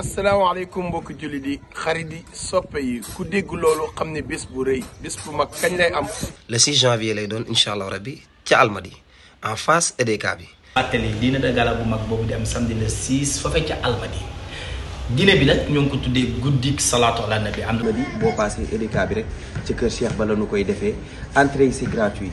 asalaamaaleykum mbokki jullit yi xarit yi soppe yi ku dégg loolu xam ne bés bu rëy bés bu mag kañ lay am. le 6 janvier lay doon incha allah rabbi ca Almadi en face EDK bi. fàttali dîner de gala bu mag boobu di am samedi le 6 fa fekk ca Almadi dîner bi nag ñoo ngi ko tuddee guddik salaatu ala nabi am. na bi boo paasee EDK bi rek ci kër Cheikh bala nu koy defee entrée yi c'est gratuit.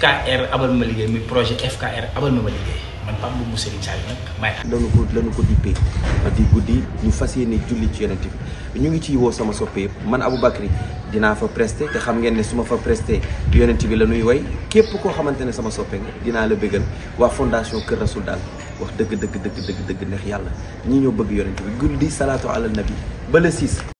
FKR abal ma liggéey muy projet FKR abal ma ma liggéey man Pape Mboup mu Serigne Saliou nag la lanu ko lanu ko dippee di guddi ñu fas yéene julli ci yonent bi ñu ngi ciy woo sama soppee man abu Aboubacry dinaa fa presté te xam ngeen ne su ma fa presté yonent bi la nuy way képp koo xamante ne sama soppee nga dinaa la bëggal wax fondation Kër Rasoul daal wax dëgg dëgg dëgg dëgg dëgg neex yàlla ñii ñoo bëgg yonent bi guddi salaatu ala nabi ba le 6